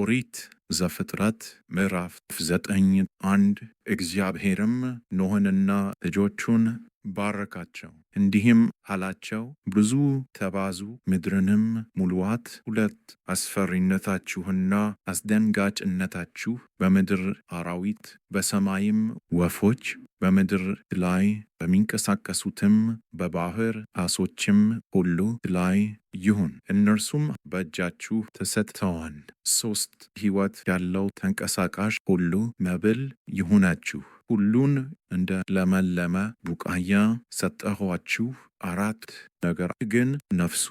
ኦሪት ዘፍጥረት ምዕራፍ ዘጠኝ አንድ እግዚአብሔርም ኖህንና ልጆቹን ባረካቸው፣ እንዲህም አላቸው፦ ብዙ ተባዙ፣ ምድርንም ሙሉዋት። ሁለት አስፈሪነታችሁና አስደንጋጭነታችሁ በምድር አራዊት፣ በሰማይም ወፎች በምድር ላይ በሚንቀሳቀሱትም በባህር አሶችም ሁሉ ላይ ይሁን። እነርሱም በእጃችሁ ተሰጥተዋል። ሦስት ሕይወት ያለው ተንቀሳቃሽ ሁሉ መብል ይሁናችሁ። ሁሉን እንደ ለመለመ ቡቃያ ሰጠኋችሁ። አራት ነገር ግን ነፍሱ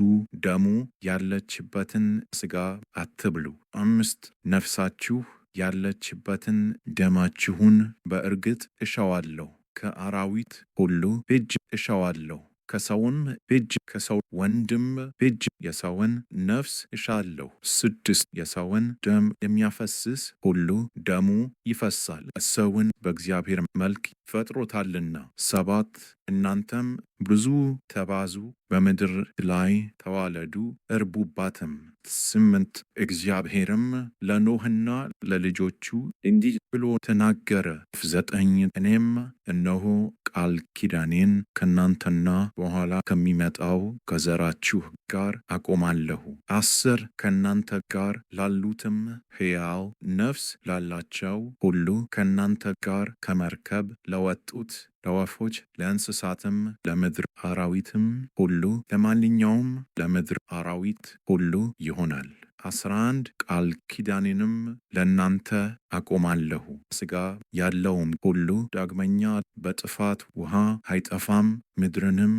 ደሙ ያለችበትን ሥጋ አትብሉ። አምስት ነፍሳችሁ ያለችበትን ደማችሁን በእርግጥ እሻዋለሁ፣ ከአራዊት ሁሉ እጅ እሻዋለሁ ከሰውም እጅ ከሰው ወንድም እጅ የሰውን ነፍስ እሻለሁ። ስድስት የሰውን ደም የሚያፈስስ ሁሉ ደሙ ይፈሳል፣ ሰውን በእግዚአብሔር መልክ ፈጥሮታልና። ሰባት እናንተም ብዙ ተባዙ፣ በምድር ላይ ተዋለዱ፣ እርቡባትም። ስምንት እግዚአብሔርም ለኖህና ለልጆቹ እንዲህ ብሎ ተናገረ። ዘጠኝ እኔም እነሆ ቃል ኪዳኔን ከእናንተና በኋላ ከሚመጣው ከዘራችሁ ጋር አቆማለሁ። አስር ከእናንተ ጋር ላሉትም ሕያው ነፍስ ላላቸው ሁሉ ከእናንተ ጋር ከመርከብ ለወጡት ለወፎች፣ ለእንስሳትም፣ ለምድር አራዊትም ሁሉ ለማንኛውም ለምድር አራዊት ሁሉ ይሆናል። አስራ አንድ ቃል ኪዳኔንም ለእናንተ አቆማለሁ። ሥጋ ያለውም ሁሉ ዳግመኛ በጥፋት ውሃ አይጠፋም። ምድርንም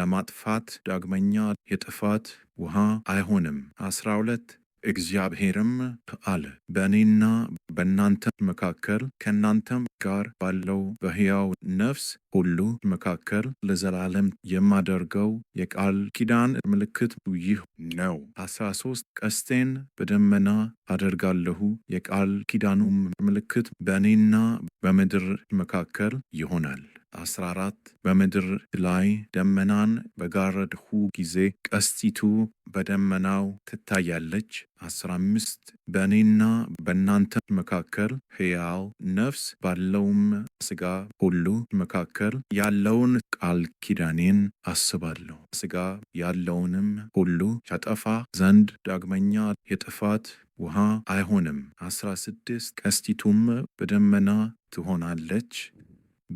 ለማጥፋት ዳግመኛ የጥፋት ውሃ አይሆንም። አስራ ሁለት እግዚአብሔርም አለ በእኔና በእናንተ መካከል ከእናንተም ጋር ባለው በሕያው ነፍስ ሁሉ መካከል ለዘላለም የማደርገው የቃል ኪዳን ምልክት ይህ ነው። አስራ ሶስት ቀስቴን በደመና አደርጋለሁ። የቃል ኪዳኑም ምልክት በእኔና በምድር መካከል ይሆናል። 14 በምድር ላይ ደመናን በጋረድሁ ጊዜ ቀስቲቱ በደመናው ትታያለች። 15 በእኔና በእናንተ መካከል ሕያው ነፍስ ባለውም ስጋ ሁሉ መካከል ያለውን ቃል ኪዳኔን አስባለሁ። ስጋ ያለውንም ሁሉ ያጠፋ ዘንድ ዳግመኛ የጥፋት ውሃ አይሆንም። 16 ቀስቲቱም በደመና ትሆናለች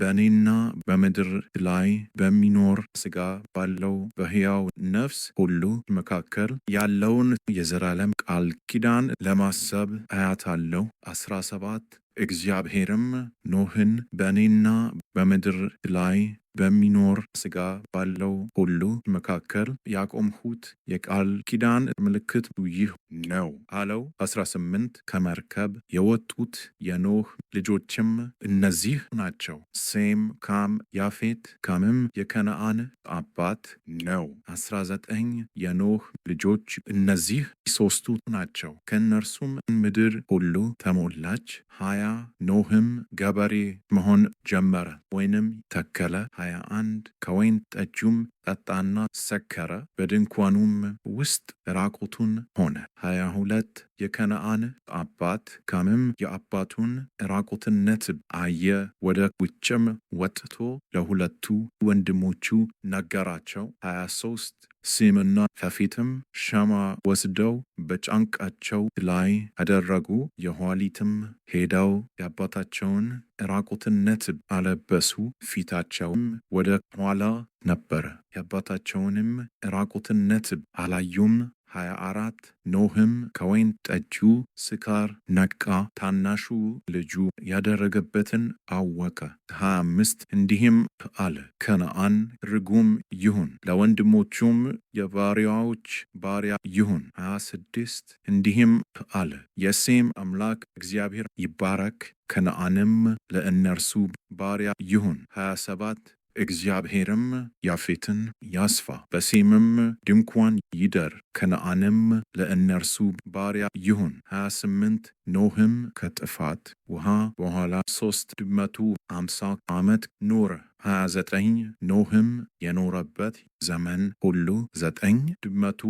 በእኔና በምድር ላይ በሚኖር ሥጋ ባለው በሕያው ነፍስ ሁሉ መካከል ያለውን የዘላለም ቃል ኪዳን ለማሰብ አያታለሁ። 17 እግዚአብሔርም ኖህን በእኔና በምድር ላይ በሚኖር ሥጋ ባለው ሁሉ መካከል ያቆምሁት የቃል ኪዳን ምልክት ይህ ነው አለው። 18 ከመርከብ የወጡት የኖህ ልጆችም እነዚህ ናቸው። ሴም፣ ካም፣ ያፌት። ካምም የከነአን አባት ነው። 19 የኖህ ልጆች እነዚህ ሦስቱ ናቸው። ከእነርሱም ምድር ሁሉ ተሞላች። 20 ሀያ ኖህም ገበሬ መሆን ጀመረ ወይንም ተከለ። ሀያ አንድ ከወይን ጠጁም ጠጣና ሰከረ፣ በድንኳኑም ውስጥ ራቁቱን ሆነ። ሀያ ሁለት የከነአን አባት ካምም የአባቱን ራቁትነት አየ፣ ወደ ውጭም ወጥቶ ለሁለቱ ወንድሞቹ ነገራቸው። ሀያ ሶስት ስምና ከፊትም ሸማ ወስደው በጫንቃቸው ላይ አደረጉ። የኋሊትም ሄደው የአባታቸውን ራቁትነት አለበሱ። ፊታቸውም ወደ ኋላ ነበር። የአባታቸውንም ራቁትነት አላዩም። 24 ኖህም ከወይን ጠጁ ስካር ነቃ፣ ታናሹ ልጁ ያደረገበትን አወቀ። 25 እንዲህም አለ፣ ከነአን ርጉም ይሁን፣ ለወንድሞቹም የባሪያዎች ባሪያ ይሁን። 26 እንዲህም አለ፣ የሴም አምላክ እግዚአብሔር ይባረክ፣ ከነአንም ለእነርሱ ባሪያ ይሁን። 27 እግዚአብሔርም ያፌትን ያስፋ፣ በሴምም ድንኳን ይደር፣ ከነዓንም ለእነርሱ ባሪያ ይሁን። 28 ኖህም ከጥፋት ውሃ በኋላ ሦስት መቶ አምሳ ዓመት ኖረ። 29 ኖህም የኖረበት ዘመን ሁሉ 950 መቶ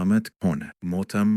ዓመት ሆነ፣ ሞተም።